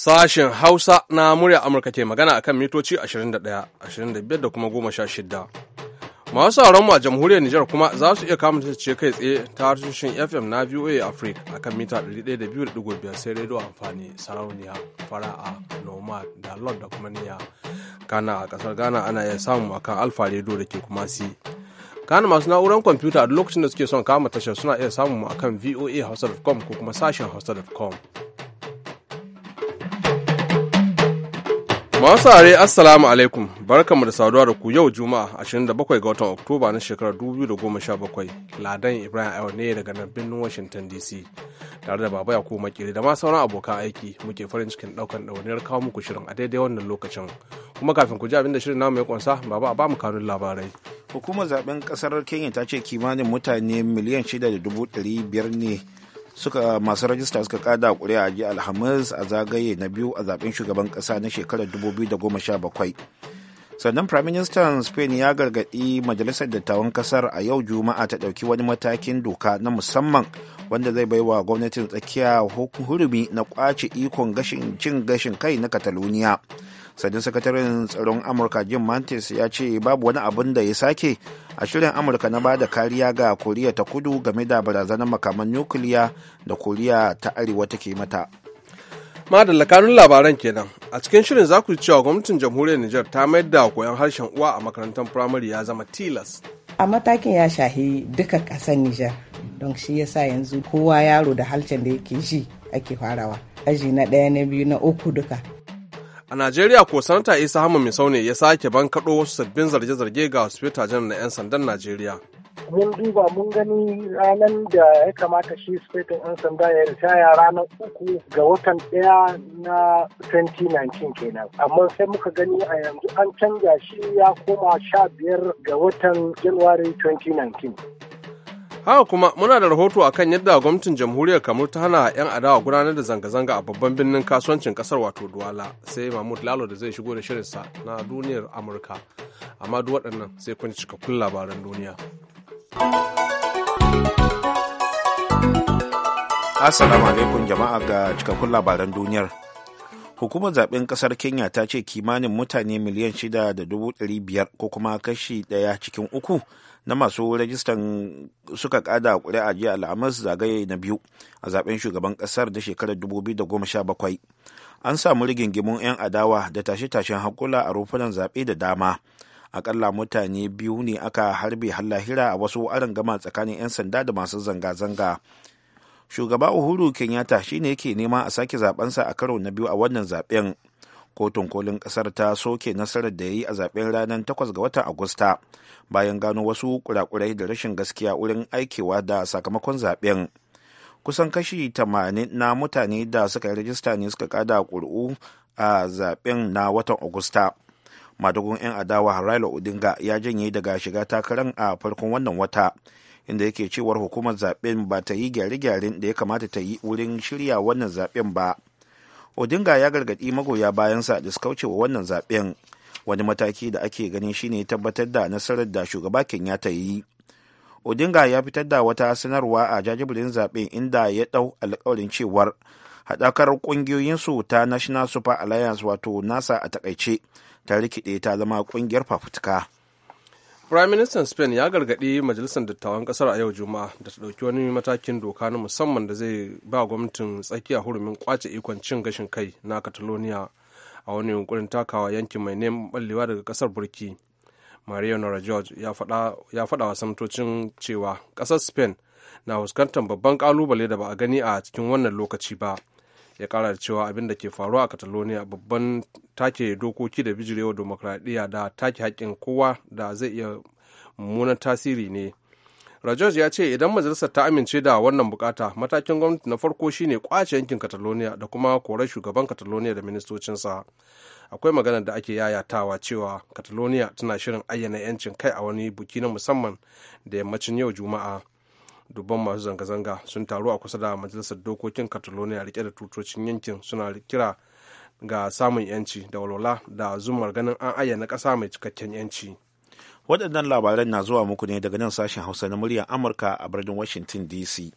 Sashen Hausa na murya Amurka ke magana akan mitoci 21, 25 da kuma 16. Masu sauran mu a jamhuriyar Nijar kuma za su iya kama ce kai tsaye ta harshen FM na VOA Africa akan mita 102.5 sai rediyo amfani sarauniya fara'a noma da lord da kuma niya. Kana a kasar Ghana ana iya samu akan alfa rediyo da ke kuma si. Kana masu na'urar kwamfuta a lokacin da suke son kama tashar suna iya samun mu akan Hausa.com ko kuma sashen hausa.com. Masu are Assalamu alaikum barkamu da saduwa da ku yau Juma'a 27 ga watan Oktoba na shekarar 2017 Ladan Ibrahim Ayo ne daga nan birnin Washington DC tare da Baba Yakubu Makiri da ma sauran abokan aiki muke farin cikin daukan dauniyar kawo muku shirin a daidai wannan lokacin kuma kafin ku ji abin da shirin namu ya kunsa Baba a ba mu kanun labarai Hukumar zaben kasar Kenya ta ce kimanin mutane miliyan biyar ne suka masu rajista suka kada kuri'a a jiya alhamis a zagaye na biyu a zaben shugaban kasa na shekarar 2017 sannan prime minister spain ya gargaɗi majalisar dattawan kasar a yau juma'a ta ɗauki wani matakin doka na musamman wanda zai baiwa gwamnatin tsakiya hurumi na kwace ikon cin gashin kai na catalonia sai sakataren tsaron amurka jim mantis ya ce babu wani abin da ya sake a shirin amurka na ba da kariya ga koriya ta kudu game da barazanar makaman nukiliya da koriya ta arewa take mata madalla kanun labaran kenan a cikin shirin za ku cewa gwamnatin jamhuriyar nijar ta mayar da koyon harshen uwa a makarantar firamare ya zama tilas a matakin ya shahi duka ƙasar nijar don shi yasa yanzu kowa yaro da harshen da yake shi ake farawa aji na ɗaya na biyu na uku duka A Najeriya ko sanata Isa Hama mai Saune ya sake bankaɗo wasu sabbin zarge-zarge ga Hospital janar na 'yan sandan Najeriya. mun duba mun gani ranar da ya kamata shi sufetin 'yan sanda ya ritaya ranar uku ga watan ɗaya na 2019 kenan amma sai muka gani a yanzu an canja shi ya koma sha biyar ga watan january 2019 haka kuma muna da rahoto akan yadda gwamnatin jamhuriyar kamar ta hana 'yan adawa gudanar da zanga-zanga a babban birnin kasuwancin kasar wato duwala sai mahmud lalo da zai shigo da shirinsa na duniyar amurka amma duk waɗannan sai kun cikakkun labaran duniya assalamu alaikum jama'a ga cikakkun labaran duniyar hukumar zaben kasar kenya ta ce kimanin mutane miliyan shida da dubu biyar ko kuma kashi ɗaya cikin uku na masu rajistan suka kada kuri'a jiya alhamis zagaye na biyu a zaben shugaban kasar da shekarar 2017 an samu rigingimun 'yan adawa da tashe-tashen hakula a rufunan zaɓe da dama akalla mutane biyu ne aka harbe hallahira a wasu gama tsakanin 'yan sanda da masu zanga-zanga shugaba uhuru kenyatta shine yake nema a sake zabensa a karo na biyu a wannan zaben kotun kolin kasar ta soke nasarar da ya yi a zaben ranar 8 ga watan agusta bayan gano wasu kurakurai da rashin gaskiya wurin aikewa da sakamakon zaben kusan kashi 80 na mutane da suka yi rajista ne suka kada ƙuri'u a zaben na watan agusta madugun 'yan adawa raila odinga ya janye daga shiga takarar a farkon wannan wata inda yake cewar hukumar zaben ba ta yi gyare-gyaren da ya kamata ta yi wurin shirya wannan zaben ba odinga ya gargaɗi magoya bayansa da su kaucewa wannan zaɓen wani mataki da ake ganin shine tabbatar da nasarar da shugaba ta yi odinga ya fitar da wata sanarwa a jajibirin zaɓen inda ya ɗau alkawarin cewar haɗakar ƙungiyoyinsu ta national super alliance wato nasa a takaice ta rikide ta zama ƙungiyar fafutuka Firaministan Spain ya gargaɗi Majalisar Dattawan Ƙasar a yau Juma'a da ta ɗauki wani matakin doka na musamman da zai ba gwamnatin tsakiya hurumin ƙwace ikon cin gashin kai na Catalonia a wani yunkurin takawa yankin mai neman ɓallewa daga ƙasar Burki. Mario Nora George ya faɗa wa samtocin cewa ƙasar Spain na fuskantar babban ƙalubale da ba a gani a cikin wannan lokaci ba. ya kara da cewa abin da ke faruwa a catalonia babban take dokoki da bijirewa demokradiyya da take haƙƙin kowa da zai iya mummunan tasiri ne rajos ya ce idan majalisar ta amince da wannan bukata matakin gwamnati na farko shine kwace yankin catalonia da kuma korar shugaban catalonia da ministocinsa akwai maganar da ake yayatawa cewa catalonia tana shirin ayyana 'yancin kai a wani buki na musamman da yammacin yau juma'a dubban masu zanga-zanga sun taru a kusa da majalisar dokokin catalonia rike da tutocin yankin suna kira ga samun yanci da walwala da zumar ganin an ayyana ƙasa mai cikakken yanci waɗannan labaran na zuwa muku ne daga nan sashen hausa na muryar amurka a birnin washington dc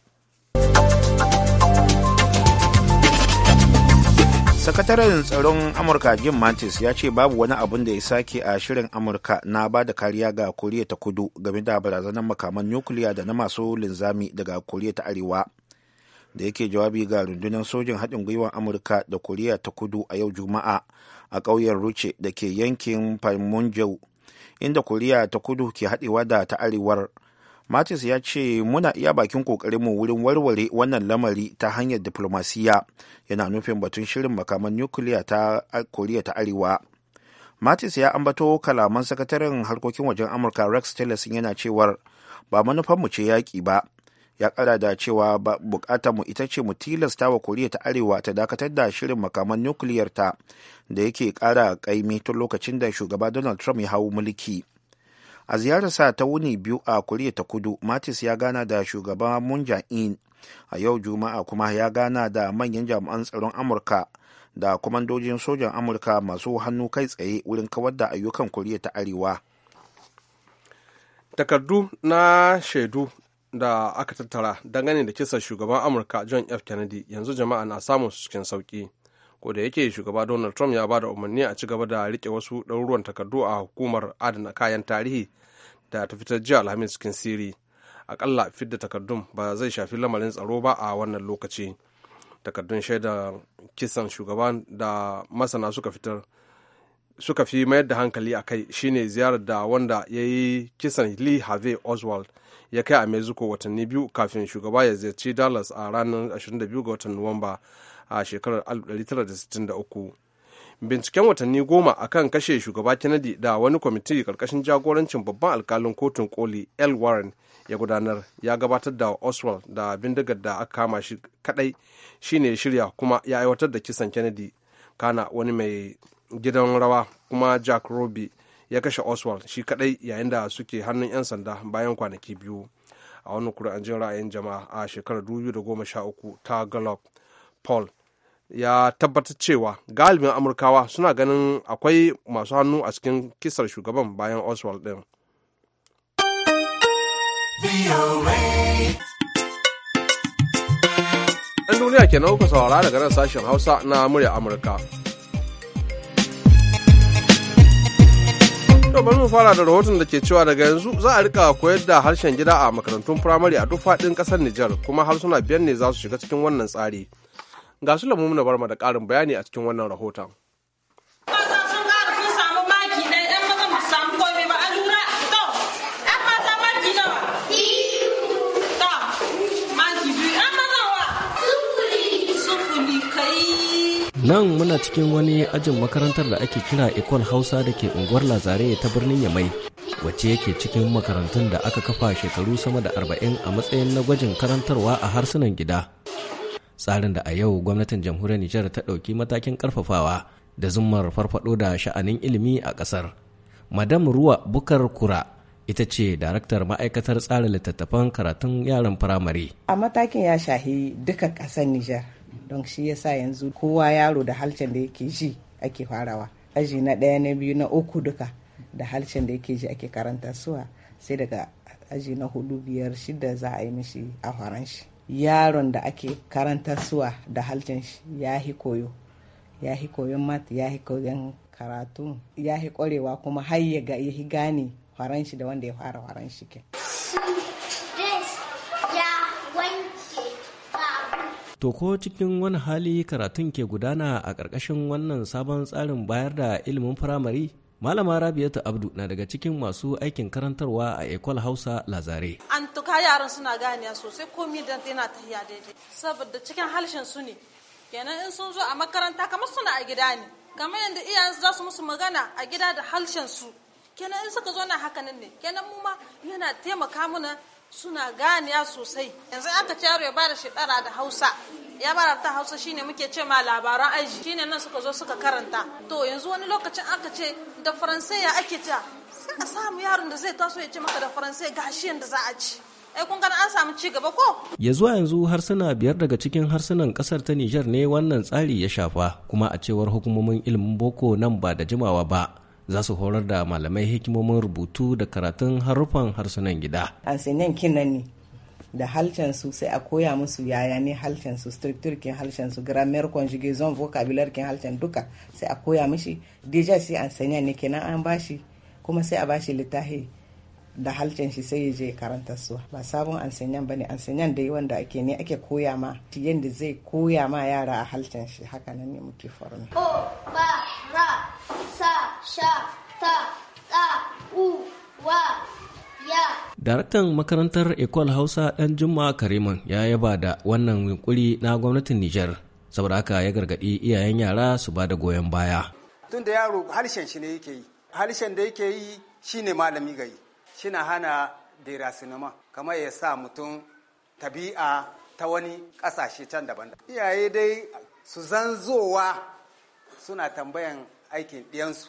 sakataren tsaron amurka jim mattis ya ce babu wani abun da ya sake a shirin amurka na ba da kariya ga koriya ta kudu game da barazanar makaman nukiliya da na masu linzami daga koriya ta arewa da yake jawabi ga rundunar sojin haɗin gwiwar amurka da koriya ta kudu a yau juma'a a ƙauyen ruce da ke yankin panmunjau inda koriya ta kudu ke haɗewa da ta arewar Mattis ya ce muna iya bakin mu wurin warware wannan lamari ta hanyar diplomasiya yana nufin batun shirin makaman nukiliya ta Koriya ta Arewa. Mattis ya ambato kalaman sakataren harkokin wajen Amurka Rex Tillerson yana cewar ba manufarmu ce yaƙi ba. Ya kara da cewa mu ita ce mu tilasta wa Koriya ta Arewa ta dakatar da shirin makaman nukiliyarta da yake ƙara ƙaimi tun lokacin da shugaba Donald Trump ya hau mulki. a ziyararsa ta wuni biyu a koriya ta kudu matis ya gana da shugaban munja in a yau juma'a kuma ya gana da manyan jami'an tsaron amurka da kwamandojin sojan amurka masu hannu kai tsaye wurin kawar da ayyukan koriya ta arewa takardu na shaidu da aka tattara dangane da kisan shugaban amurka john f kennedy yanzu jama'a na samun cikin sauki ko da yake shugaba donald trump ya ba da umarni a ci gaba da rike wasu ɗaruruwan takardu a hukumar adana kayan tarihi da ta fitar jiya alhamis cikin siri akalla da takardun ba zai shafi lamarin tsaro ba a wannan lokaci takardun shaidar kisan shugaban da masana suka fitar suka fi mayar da hankali a kai shine ziyarar da wanda ya yi kisan lee harvey oswald ya kai a mexico watanni biyu kafin shugaba ya ziyarci dallas a ranar 22 ga watan nuwamba a shekarar 1963 binciken watanni goma a kan kashe shugaba kennedy da wani kwamiti karkashin jagorancin babban alkalin kotun koli l warren ya gudanar ya gabatar da oswald da bindigar da aka kama shi kadai shine shirya kuma ya aiwatar da kisan kennedy kana wani mai gidan rawa kuma jack roby ya kashe oswald shi kadai yayin da suke hannun 'yan sanda bayan kwanaki biyu a wani kuri'an jin ra'ayin jama'a a shekarar 2013 ta gallup paul ya tabbatar cewa galibin amurkawa suna ganin akwai masu hannu a cikin kisar shugaban bayan oswald ɗin yan duniya kenan kuka saurara daga nan sashen hausa na murya amurka yau bari mu fara da rahoton da ke cewa daga yanzu za a rika koyar da harshen gida a makarantun firamare a duk faɗin ƙasar Nijar kuma harsuna biyar ne za su shiga cikin wannan tsari. Ga su lamu na barma da ƙarin bayani a cikin wannan rahoton. nan muna cikin wani ajin makarantar da ake kira ikon hausa da ke unguwar lazare ta birnin yamai wacce yake cikin makarantun da aka kafa shekaru sama da arba'in a matsayin na gwajin karantarwa a harsunan gida tsarin da a yau gwamnatin jamhuriyar nijar ta ɗauki matakin ƙarfafawa da zummar farfado da sha'anin ilimi a ƙasar madam ruwa bukar kura ita ce daraktar ma'aikatar tsarin littattafan karatun yaran firamare a matakin ya shahi duka ƙasar nijar don shi yasa yanzu kowa yaro da halcin da yake ji ake farawa aji na ɗaya na biyu na uku duka da halcin da yake ji ake karanta suwa sai daga aji na hudu biyar shida za a yi mishi a shi yaron da ake karantar suwa da halcin ya yi koyo ya yi koyon mat ya yi koyon karatu ya yi ƙwarewa kuma har ya gane faran shi da wanda ya fara faran shi ke. To ko cikin wani hali karatun ke gudana a ƙarƙashin wannan sabon tsarin bayar da ilimin firamare? Malama Rabiatu Abdu na daga cikin masu aikin karantarwa a ekwal Hausa Lazare. An tuka yaran suna ganiya sosai komi da yana tafiya daidai saboda cikin halshen su ne. Kenan in sun zo a makaranta kamar suna a gida ne. Kamar yadda iyayen za su musu magana a gida da halshen su. Kenan in suka zo na haka nan ne. Kenan mu ma yana taimaka mana suna ganiya sosai yanzu aka ce yaro ya bada shekara da hausa ya bada ta hausa shine muke ce ma labaran aji shine nan suka zo suka karanta to yanzu wani lokacin aka ce da faransai ya ake ta sai a samu yaron da zai taso ya ce maka da faransai gashi da za a ci ai kun an samu ci gaba ko ya zuwa yanzu harsuna biyar daga cikin harsunan kasar ta Nijar ne wannan tsari ya shafa kuma a cewar hukumomin ilimin boko nan ba da jimawa ba za su horar da malamai hikimomin rubutu da karatun haruffan harsunan gida. Asinan kinan ne da halcen su sai a koya musu yaya ne halcen su structure kin halcen su grammar conjugation vocabulary kin halcen duka sai a koya mishi deja sai an sanya ne kenan an bashi kuma sai a bashi littafi da halcin shi sai ya je karanta su ba sabon an ansanyan bane ansanyan dai wanda ake ne ake koya ma yadda zai koya ma yara a halcin shi haka nan ne muke formi. Oh, Daraktan makarantar Ecole Hausa ɗan Juma'a Kariman ya yaba da wannan yunkuri na gwamnatin Nijar saboda haka ya gargaɗi iyayen yara su ba da goyon baya. Tunda yaro harshen shi ne yake yi, harshen da yake yi shi ne malami ga yi, shi na hana sinima kamar ya sa mutum tabi'a ta wani ƙasashe can daban Iyaye dai su zanzowa suna tambayan aikin ɗiyansu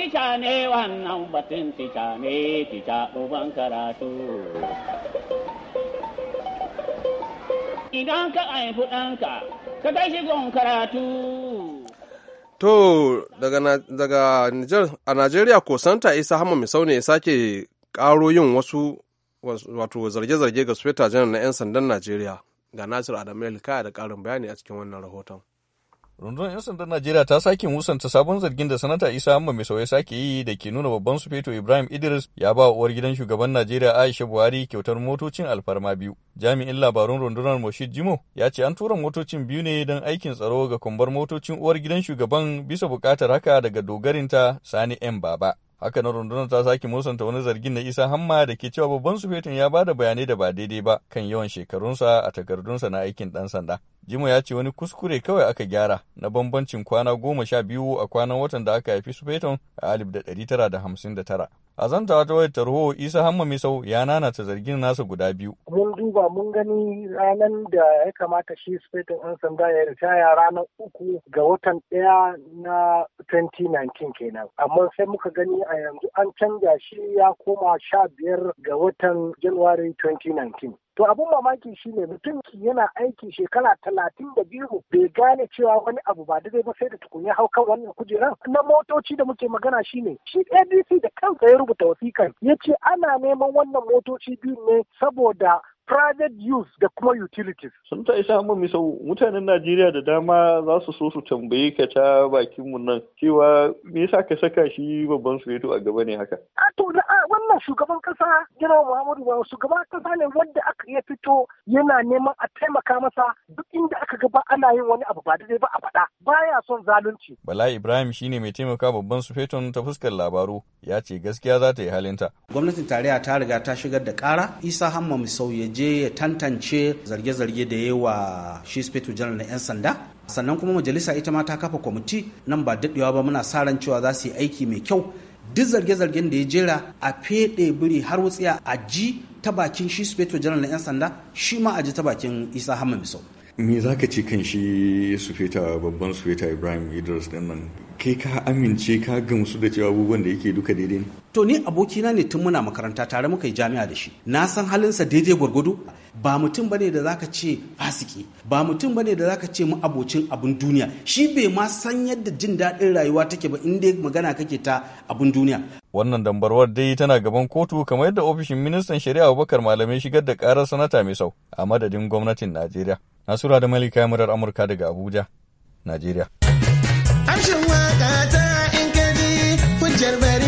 tica ne wannan batun tica ne tica uban karatu. Idan ka haifi ɗanka, ka kai shi karatu. To daga a Najeriya ko Santa Isa Hama mai ne ya sake ƙaro yin wasu wato zarge-zarge ga sufeta Janar na 'yan sandan Najeriya ga Nasiru Adamu Elkaya da ƙarin bayani a cikin wannan rahoton. rundunar 'yan sandan najeriya ta sake musanta sabon zargin da sanata isa amma mai sauye sake yi da ke nuna babban sufeto ibrahim idris ya ba uwar gidan shugaban najeriya aisha buhari kyautar motocin alfarma biyu jami'in labarun rundunar moshid jimo ya ce an tura motocin biyu ne don aikin tsaro ga kumbar motocin uwar gidan shugaban bisa buƙatar haka daga dogarinta sani m baba haka na rundunar ta sake musanta wani zargin na isa hamma da ke cewa babban sufeton ya ba da bayanai da ba daidai ba kan yawan shekarunsa a takardunsa na aikin ɗan sanda Jima ya ce wani kuskure kawai aka gyara na bambancin kwana goma sha biyu a kwanan watan da aka haifi su Peyton a tara A zantawa ta wayar tarho Isa Hamma Misau ya ta zargin nasa guda biyu. Mun duba mun gani ranar da ya kamata shi Sufetin ɗan sanda ya ritaya ranar uku ga watan ɗaya na 2019 kenan. Amma sai muka gani a yanzu an canja shi ya koma sha biyar ga watan Januwari 2019. To abun mamaki shine mutum yana aiki shekara talatin da biyu bai gane cewa wani abu ba daidai ba sai da tukunya hau kan wannan kujeran. Na motoci da muke magana shi ne, shi ADC da kansa ya rubuta wasikan ya ce ana neman wannan motoci biyu ne saboda private use da kuma utilities. Sun ta isa amma misau mutanen Najeriya da dama za su so su tambayi ka ta bakin mu nan cewa me yasa ka saka shi babban sureto a gaba ne haka? A to wannan shugaban kasa general muhammadu buhari shugaban kasa ne wanda aka ya fito yana neman a taimaka masa duk inda aka ga ba ana yin wani abu ba daidai ba a faɗa baya son zalunci bala ibrahim shine mai taimaka babban su feton ta fuskar labaru ya ce gaskiya za ta yi halinta gwamnatin tarayya ta riga ta shigar da kara isa hamma misau ya je ya tantance zarge-zarge da yawa wa shi speto general na 'yan sanda sannan kuma majalisa ita ma ta kafa kwamiti nan ba daɗewa ba muna sa ran cewa za su yi aiki mai kyau duk zarge-zargen da ya jera a feɗe biri har wutsiya a ji ta bakin shi speto janar na 'yan sanda shi ma a ji ta bakin isa hamma misau me za ka ce kan shi sufeta babban sufeta ibrahim idris din nan kai ka amince ka gamsu da cewa abubuwan da yake duka daidai to ni abokina ne tun muna makaranta tare muka yi jami'a da shi na san halinsa daidai gwargwado ba mutum bane da zaka ce fasiki ba mutum bane da zaka ce abocin abun duniya shi bai ma san yadda jin daɗin rayuwa take ba in dai magana kake ta abun duniya wannan dambarwar dai tana gaban kotu kamar yadda ofishin ministan shari'a Abubakar Malamai shigar da karar sanata mai sau a madadin gwamnatin Najeriya Nasura da Malika murar Amurka daga Abuja Najeriya Amshin waka ta in kaji hujjar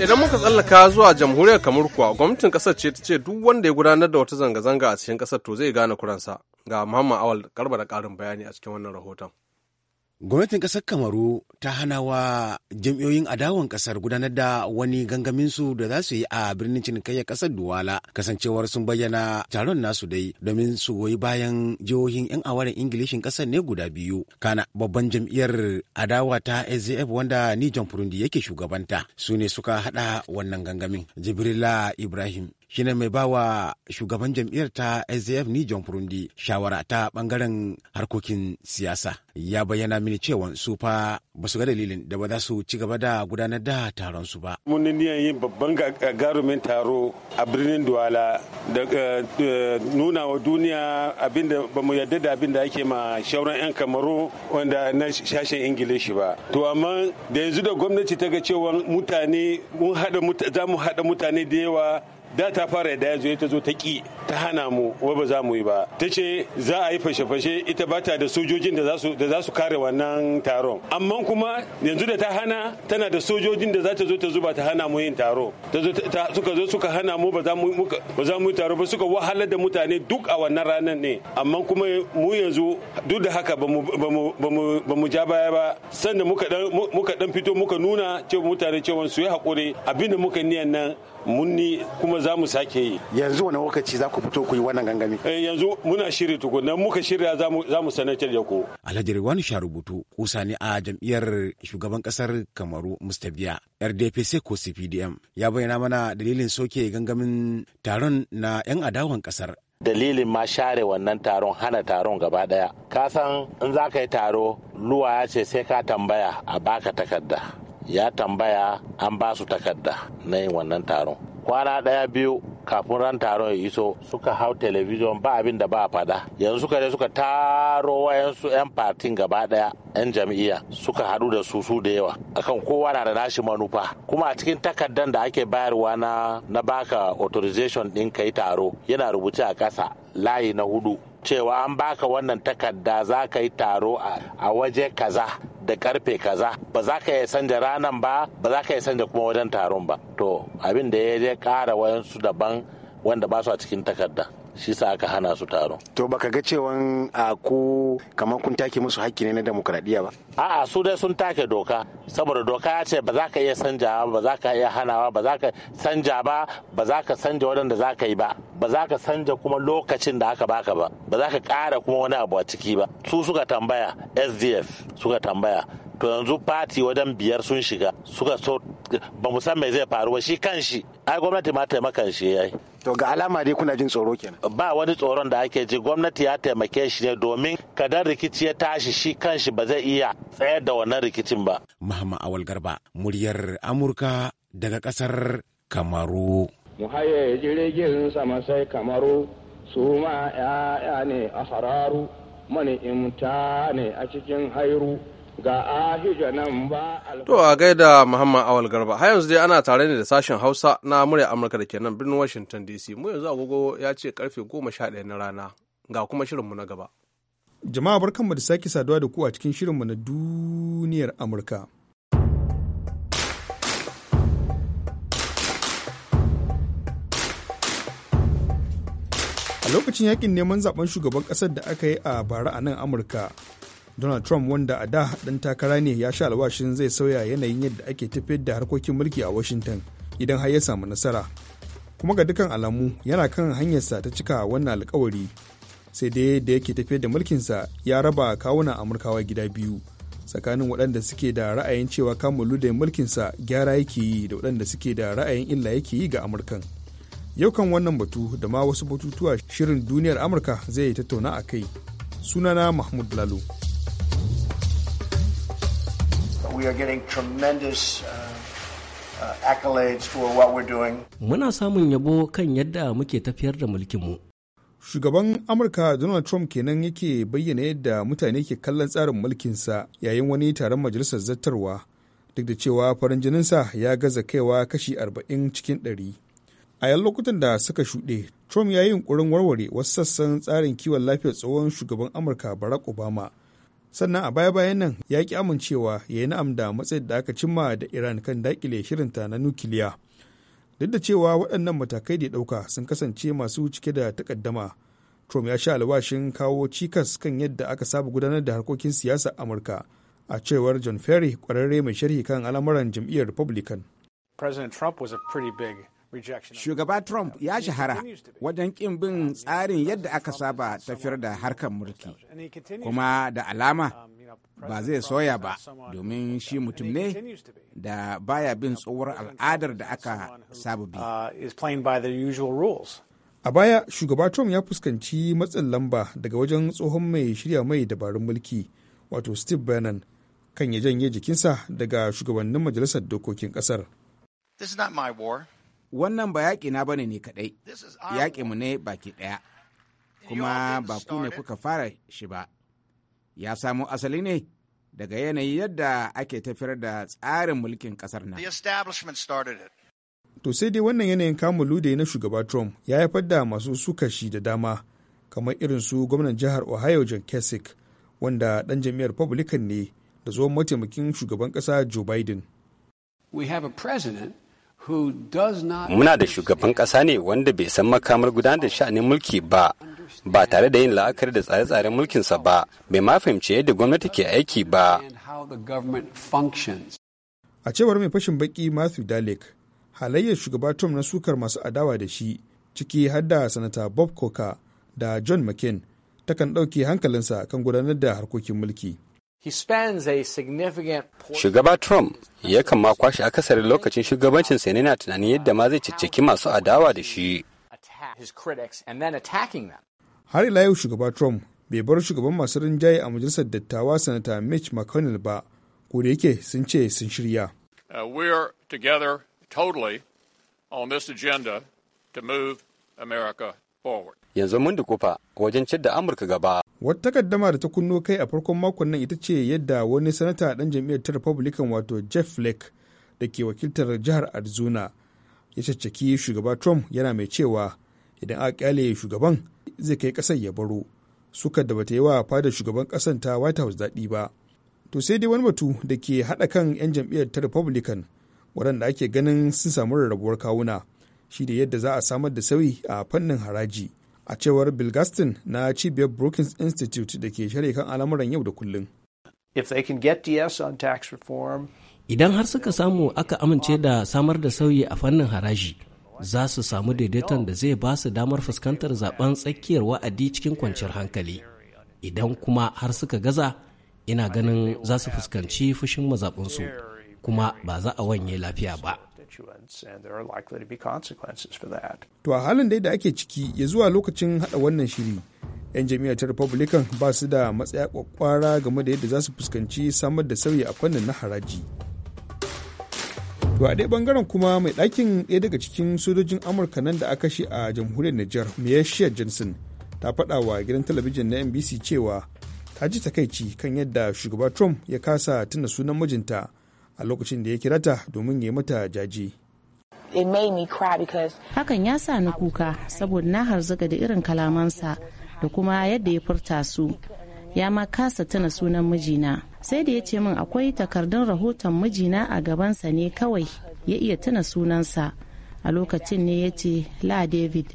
Idan muka tsallaka zuwa jamhuriyar kamar kuwa gwamnatin kasar ce ta ce duk wanda ya gudanar da wata zanga-zanga a cikin kasar to zai gane kuransa ga Muhammad Awal karba da karin bayani a cikin wannan rahoton. Gwamnatin ƙasar Kamaru ta hana wa jam'iyoyin adawan ƙasar gudanar da wani gangaminsu da za su yi a birnin cinikayya ƙasar Duwala kasancewar sun bayyana taron nasu dai domin su goyi bayan jihohin 'yan awarin Ingilishin ƙasar ne guda biyu. Kana babban jam'iyyar adawa ta SJF wanda ni John Furundi yake shugabanta su ne suka haɗa wannan gangamin. Jibrila Ibrahim shine mai bawa shugaban jam'iyyar ta sdf ni John Furundi shawara ta bangaren harkokin siyasa. Ya bayyana mini cewa su fa ba su ga dalilin da ba za su ci gaba da gudanar da taron su ba. Mun niyan yin babban gagarumin taro a birnin Duwala da eh, eh, nuna wa duniya abinda ba mu yarda da abinda ake ma shauran 'yan kamaru wanda na shashen Ingilishi ba. To amma da yanzu da gwamnati ta ga cewa mutane mun haɗa za mu haɗa mutane da yawa da ta fara yadda ya zo ta zo ta ki ta hana mu wai ba za mu yi ba ta ce za a yi fashe-fashe ita ba ta da sojojin da za su kare wannan taron amma kuma yanzu da ta hana tana da sojojin da za ta zo ta zuba ta hana mu yin taro suka zo suka hana mu ba za mu yi taro ba suka wahalar da mutane duk a wannan ranar ne amma kuma mu yanzu duk da haka ba mu ja baya ba sanda muka dan fito muka nuna cewa mutane cewa su yi haƙuri abinda muka niyan nan munni kuma za mu sake yi yanzu wani lokaci za ku fito ku yi wannan gangami eh yanzu muna shiri tukunna muka shirya za mu sanar da ku Alhaji Rewani Sharubutu kusa ne a jam'iyyar shugaban kasar Kamaru Mustabiya sai ko CPDM ya bayyana mana dalilin soke gangamin taron na 'yan adawan kasar dalilin ma share wannan taron hana taron gaba daya kasan in za ka yi taro luwa ya ce sai ka tambaya a baka takarda ya tambaya an ba su takarda na yin wannan taron kwana ɗaya biyu kafin ran taron ya iso suka hau telebijin ba abin da ba a fada yanzu suka je suka taro wayansu 'yan fatin gaba daya 'yan jam'iyya suka haɗu da su su da yawa akan kowa na da nashi manufa kuma a cikin takardan da ake bayarwa na na baka authorization ɗin kai taro yana rubuce a ƙasa layi na hudu cewa an baka wannan takarda za ka yi taro a waje kaza da karfe kaza ba za ka iya san da ranan ba ba za ka iya san da kuma wajen taron ba to abin da ya je kara wayansu daban wanda ba su a cikin takarda shi sa aka hana su taron. To baka ga cewan a ku kamar kun take musu hakki ne na demokradiya ba? A'a su dai sun take doka saboda doka ya ce ba za ka iya sanjawa ba za ka iya hanawa ba za ka sanja ba ba za ka sanja waɗanda za ka yi ba ba za ka sanja kuma lokacin da aka baka ba ba za ka ƙara kuma wani abu a ciki ba su suka tambaya sdf suka tambaya to yanzu fati wajen biyar sun shiga suka so ba san me zai faru ba shi kan shi ai gwamnati ma taimakan shi yayi to ga alama dai kuna jin tsoro kenan ba wani tsoron da ake ji gwamnati ya taimake shi ne domin kadan rikici ya tashi shi kanshi ba zai iya tsayar da wannan rikicin ba mahama awal garba muryar amurka daga kasar kamaru mu haye jirgin sama sai kamaru su 'ya'ya ne a hararu mani imta ne a cikin hairu To a gaida Muhammad Awal Garba, har yanzu dai ana tare ne da sashen Hausa na murya Amurka da ke nan birnin Washington DC. Mu yanzu agogo ya ce karfe goma sha ɗaya na rana ga kuma shirinmu na gaba. Jama'a barkanmu da sake saduwa da ku a cikin shirinmu na duniyar Amurka. A lokacin yakin neman zaben shugaban ƙasar da aka yi a bara a nan Amurka, donald trump wanda a da ɗan takara ne ya sha alwashin zai sauya yanayin yadda ake tafiyar da harkokin mulki a washington idan har ya samu nasara kuma ga dukan alamu yana kan hanyarsa ta cika wannan alkawari sai dai da yake tafiyar da mulkinsa ya raba kawunan amurkawa gida biyu tsakanin waɗanda suke da ra'ayin cewa kamun da mulkinsa gyara yake yi da waɗanda suke da ra'ayin illa yake yi ga amurkan yau kan wannan batu da ma wasu batutuwa shirin duniyar amurka zai yi tattauna a kai sunana mahmud lalo we uh, uh, Muna samun yabo kan yadda muke tafiyar da mulkinmu. Shugaban Amurka Donald Trump kenan yake bayyana yadda mutane ke kallon tsarin mulkinsa yayin wani taron majalisar Zartarwa, duk da cewa farin jininsa ya gaza kaiwa kashi arba'in cikin 100. A yan lokutan da suka shuɗe, Trump ya yi yunƙurin warware wasu sassan tsarin kiwon lafiyar tsohon shugaban Amurka Barack Obama. sannan a baya-bayan nan ya ki amincewa ya yi na'am da matsayin da aka cimma da iran kan dakile shirinta na nukiliya duk da cewa waɗannan matakai da ɗauka sun kasance masu cike da takaddama trump ya sha alwashin kawo cikas kan yadda aka saba gudanar da harkokin siyasar amurka a cewar john ferry ƙwararre mai sharhi kan al'amuran jam'iyyar republican president trump was a pretty big Shugaba Trump ya shahara wajen ƙin bin um, tsarin yadda aka saba tafiyar da harkar um, mulki, kuma da alama um, ba zai soya ba domin shi mutum ne da baya bin tsohuwar al'adar da aka saba bi. Uh, a baya, shugaba Trump ya fuskanci matsin lamba daga wajen tsohon mai shirya mai dabarun mulki, wato Steve Bannon, kan ya janye jikinsa daga shugabannin majalisar dokokin ƙasar. This my war. Wannan ba yaƙi na bane ne kaɗai, yaƙi mu ne baki ɗaya, kuma ba ku ne kuka fara shi ba. Ya samo asali ne daga yanayi yadda ake tafiyar da tsarin mulkin ƙasar nan. To sai dai wannan yanayin kamun lude na shugaba Trump ya haifar da masu suka shi da dama, kamar irin su gwamnan jihar Ohio John Kasich, wanda ɗan Jami'ar Republican ne da zuwan mataimakin shugaban ƙasa Joe Biden. have a Muna da shugaban ƙasa ne wanda bai san makamar gudanar da sha'anin mulki ba, ba tare da yin la'akari da tsare-tsaren mulkinsa ba, bai ma fahimci yadda gwamnati ke aiki ba. A cewar mai fashin baki Matthew Dalek, halayyar shugaba Trump na sukar masu adawa da shi, ciki har da sanata Bob Coker da John McCain, takan ɗauke hankalinsa kan gudanar da harkokin mulki. Shugaba Trump yakan ma kwashe akasarin lokacin shugabancinsa ne yana tunanin yadda ma zai cicciki masu adawa da shi. Har ila yau shugaba Trump bai bar shugaban masu rinjaye a majalisar dattawa sanata Mitch McConnell ba, ko da yake sun ce sun shirya. Uh, Yanzu mun dukufa wajen cidda Amurka gaba. wata takaddama da ta kunno kai a farkon makon nan ita ce yadda wani sanata dan jam'iyyar ta republican wato jeff flake da ke wakiltar jihar arizona ya caccaki shugaba trump yana mai cewa idan a kyale shugaban zai kai kasar ya baro suka da bata yi wa fadar shugaban kasar ta white house daɗi ba to sai dai wani batu da ke haɗa kan 'yan jam'iyyar ta republican waɗanda ake ganin sun samu rarrabuwar kawuna shi da yadda za a samar da sauyi a fannin haraji a cewar Bill Gaston na cibiyar Brookings Institute da ke shirya kan al'amuran yau da kullum. Idan har suka samu aka amince da samar da sauyi a fannin haraji, za su samu daidaiton da zai ba su damar fuskantar zaben tsakiyar wa'adi cikin kwanciyar hankali. Idan kuma har suka gaza, ina ganin za su fuskanci fushin mazaɓinsu, kuma ba za a wanye lafiya ba. To a halin dai da ake ciki ya zuwa lokacin hada wannan shiri, 'yan jami'ar ta Republican ba su da matsaya kwakwara game da yadda za su fuskanci samar da sauyi a fannin na haraji. To a dai bangaren kuma mai ɗakin ɗaya daga cikin sojojin Amurka nan da aka shi a jamhuriyar Nijar, Miyashia Johnson, ta faɗa wa gidan talabijin na NBC cewa ta ji takaici kan yadda shugaba Trump ya kasa tuna sunan mijinta a lokacin da ya kira ta domin ya mata jaji. Hakan ya sa ni kuka saboda na harzuga da irin kalamansa da kuma yadda ya furta su. Ya ma kasa tuna sunan mijina. Sai da ya ce min akwai takardun rahoton mijina a gabansa ne kawai ya iya tuna sunansa. A lokacin ne ya ce La David.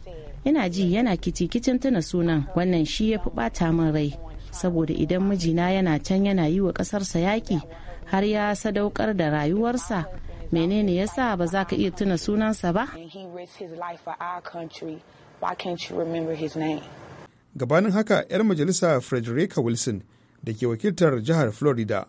Ina ji yana kicikicin tuna sunan wannan shi ya fi bata min rai. Saboda idan mijina yana can yana yi wa ƙasarsa yaƙi har ya sadaukar da rayuwarsa menene yasa ba za ka iya tuna sunansa ba gabanin haka 'yar majalisa frederica wilson da ke wakiltar jihar florida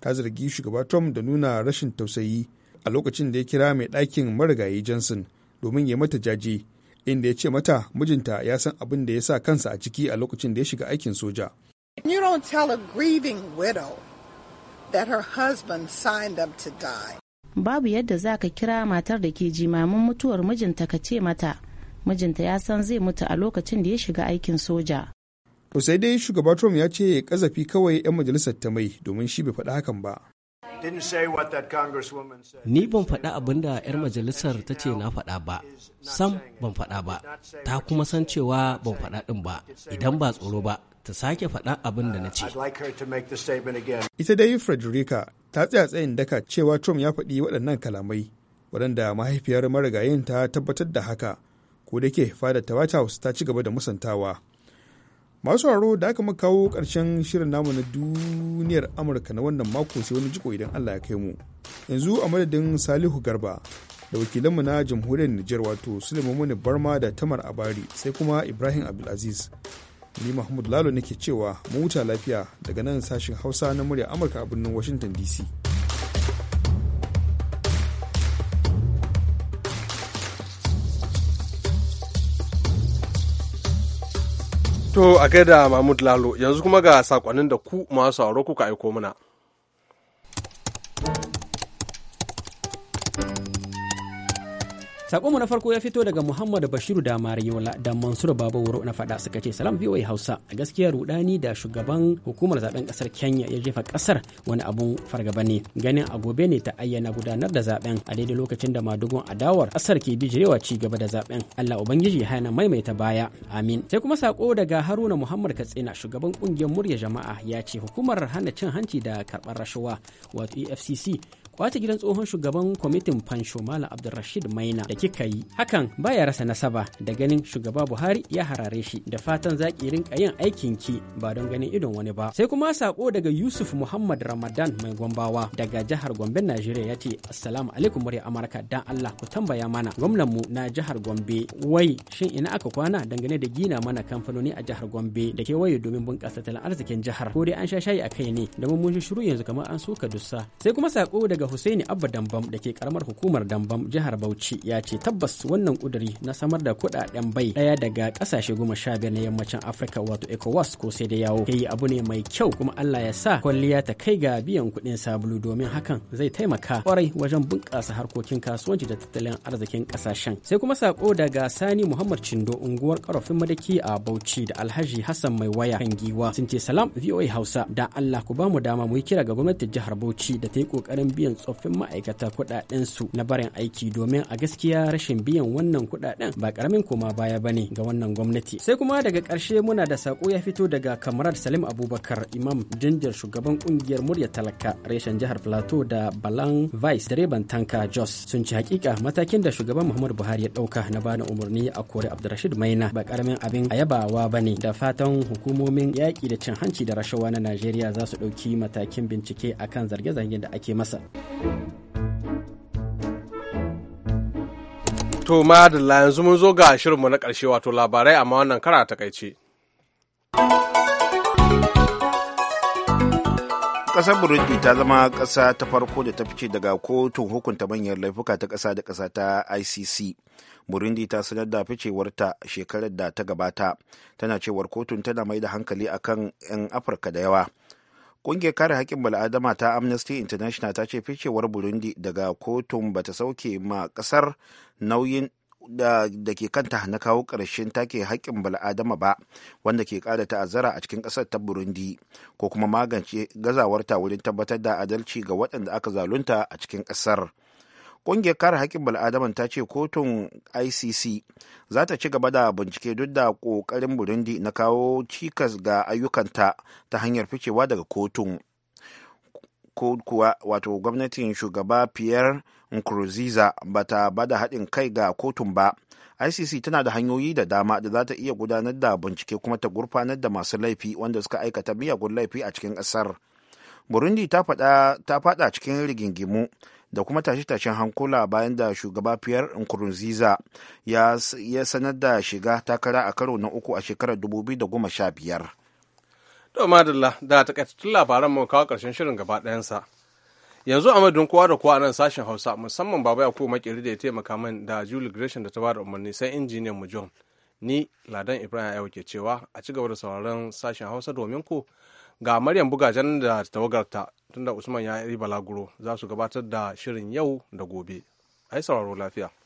ta zargi shugaba tom da nuna rashin tausayi a lokacin da ya kira mai ɗakin marigayi johnson domin ya mata jaje inda ya ce mata mijinta ya san abin da ya sa kansa a ciki a lokacin da ya shiga aikin soja. You don't tell a that her husband signed up to die. Babu yadda za ka kira matar da ke jimamin mutuwar mijinta ka ce mata, mijinta ya san zai mutu a lokacin da ya shiga aikin soja. To sai dai shugaba Trump ya ce ya kazafi kawai 'yan majalisar ta mai domin shi bai faɗa hakan ba. Ni ban faɗa abin da 'yar majalisar ta ce na faɗa ba, sam ban faɗa ba, ta kuma san cewa ban faɗa ɗin ba, idan ba tsoro ba, ta sake faɗa abin da na ce. Ita dai Frederica ta tsaya tsayin daka cewa Trump ya faɗi waɗannan kalamai waɗanda mahaifiyar marigayin ta tabbatar da haka ko da ke fadar ta White House ta ci gaba da musantawa. Masu haro da aka muka kawo ƙarshen shirin namu na duniyar Amurka na wannan mako sai wani jiko idan Allah ya kai mu. Yanzu a madadin Salihu Garba da wakilanmu na jamhuriyar Nijar wato Suleiman Barma da Tamar Abari sai kuma Ibrahim Abdulaziz. ni mahmud lalo nake cewa mu huta lafiya daga nan sashin hausa na murya amurka a birnin washington dc to a gaida mahmud lalo yanzu kuma ga sakonnin da ku masu sauraro kuka aiko mana Sakonmu na farko ya fito daga Muhammad Bashiru da Mariola da Mansur Babawuro na fada suka ce salam VOA Hausa a gaskiya rudani da shugaban hukumar zaben kasar Kenya ya jefa kasar wani abun fargaba ne ganin a gobe ne ta ayyana gudanar da zaben a daidai lokacin da madugun adawar kasar ke bijirewa ci gaba da zaben Allah ubangiji hana maimaita baya amin sai kuma sako daga Haruna Muhammad Katsina shugaban kungiyar murya jama'a ya ce hukumar hana cin hanci da karɓar rashawa wato EFCC wata gidan tsohon shugaban kwamitin fansho malam abdulrashid maina da kika yi hakan baya rasa nasaba da ganin shugaba buhari ya harare shi da fatan zaki rinka yin aikin ki ba don ganin idon wani ba sai kuma sako daga yusuf muhammad ramadan mai gombawa daga jihar gombe najeriya ya ce assalamu alaikum murya amurka dan allah ku tambaya mana gwamnan mu na jihar gombe wai shin ina aka kwana dangane da gina mana kamfanoni a jihar gombe da ke waye domin bunƙasa tattalin arzikin jihar ko dai an sha shayi a kai ne da mun shiru yanzu kamar an suka dussa sai kuma sako daga Hussaini Abba Dambam da ke karamar hukumar Dambam jihar Bauchi ya ce tabbas wannan kuduri na samar da kudaden bai daya daga kasashe goma sha biyar na yammacin Afirka wato ECOWAS ko sai da yawo yayi abu ne mai kyau kuma Allah ya sa kwalliya ta kai ga biyan kuɗin sabulu domin hakan zai taimaka kwarai wajen bunƙasa harkokin kasuwanci da tattalin arzikin kasashen. Sai kuma sako daga Sani Muhammad Cindo unguwar karofin madaki a Bauchi da Alhaji Hassan Mai Waya kan Giwa sun ce salam VOA Hausa da Allah ku ba mu dama mu yi kira ga gwamnatin jihar Bauchi da ta yi kokarin biyan tsoffin ma'aikata su na barin aiki domin a gaskiya rashin biyan wannan kuɗaɗen ba karamin koma baya ba ne ga wannan gwamnati. Sai kuma daga ƙarshe muna da saƙo ya fito daga Kamarar Salim Abubakar Imam Jinjir shugaban ƙungiyar murya talaka reshen jihar Plateau da Balan Vice direban tanka Jos sun ci hakika matakin da shugaban Muhammadu Buhari ya ɗauka na bani umarni a kore Abdulrashid Maina ba karamin abin ayabawa ba ne da fatan hukumomin yaƙi da cin hanci da rashawa na Najeriya za su ɗauki matakin bincike akan zarge-zargen da ake masa. To madalla yanzu mun zo ga shirinmu na ƙarshe wato labarai amma wannan kara takaice. Ƙasar Burundi ta zama ƙasa ta farko da ta fice daga kotun hukunta manyan laifuka ta ƙasa da ƙasa ta ICC. Burundi ta sanar da ficewarta shekarar da ta gabata, tana cewar kotun tana mai da hankali akan 'yan Afirka da yawa. Ƙungiyar kare haƙƙin bala'adama ta Amnesty International ta ce ficewar Burundi daga kotun bata sauke ma ƙasar nauyin da, ke kanta na kawo ƙarshen take haƙƙin bal'adama ba wanda ke ƙara ta'azzara a cikin ƙasar ta burundi ko kuma magance gazawarta wurin tabbatar da adalci ga waɗanda aka zalunta a cikin ƙasar. ƙungiyar kare haƙƙin bal'adaman ta ce kotun icc za ta ci gaba da bincike duk da ƙoƙarin burundi na kawo cikas ga ayyukanta ta hanyar ficewa daga kotun kuwa wato gwamnatin shugaba pierre nkurunziza ba ta bada haɗin kai ga kotun ba icc tana da hanyoyi da dama da za ta iya gudanar da bincike kuma ta gurfanar da masu laifi wanda suka aikata miyagun laifi a cikin ƙasar burundi ta faɗa cikin rigingimu da kuma tashe-tashen hankula bayan da shugaba fiyar Nkurunziza ya sanar da shiga takara a karo na uku a shekarar 2015. Dau madalla da takaitattun labaran mu kawo karshen shirin gaba ɗayansa. Yanzu a madun kowa da kowa a nan sashen Hausa musamman baba ya kuma makiri da ya taimaka min da Julie Gresham da ta ba da umarni sai injiniyan mu John. Ni Ladan Ibrahim Ayo ke cewa a cigaba da sauraron sashen Hausa domin ku ga maryam bugajen da tawagarta tunda usman ya yi balaguro za su gabatar da shirin yau da gobe ai sauraro lafiya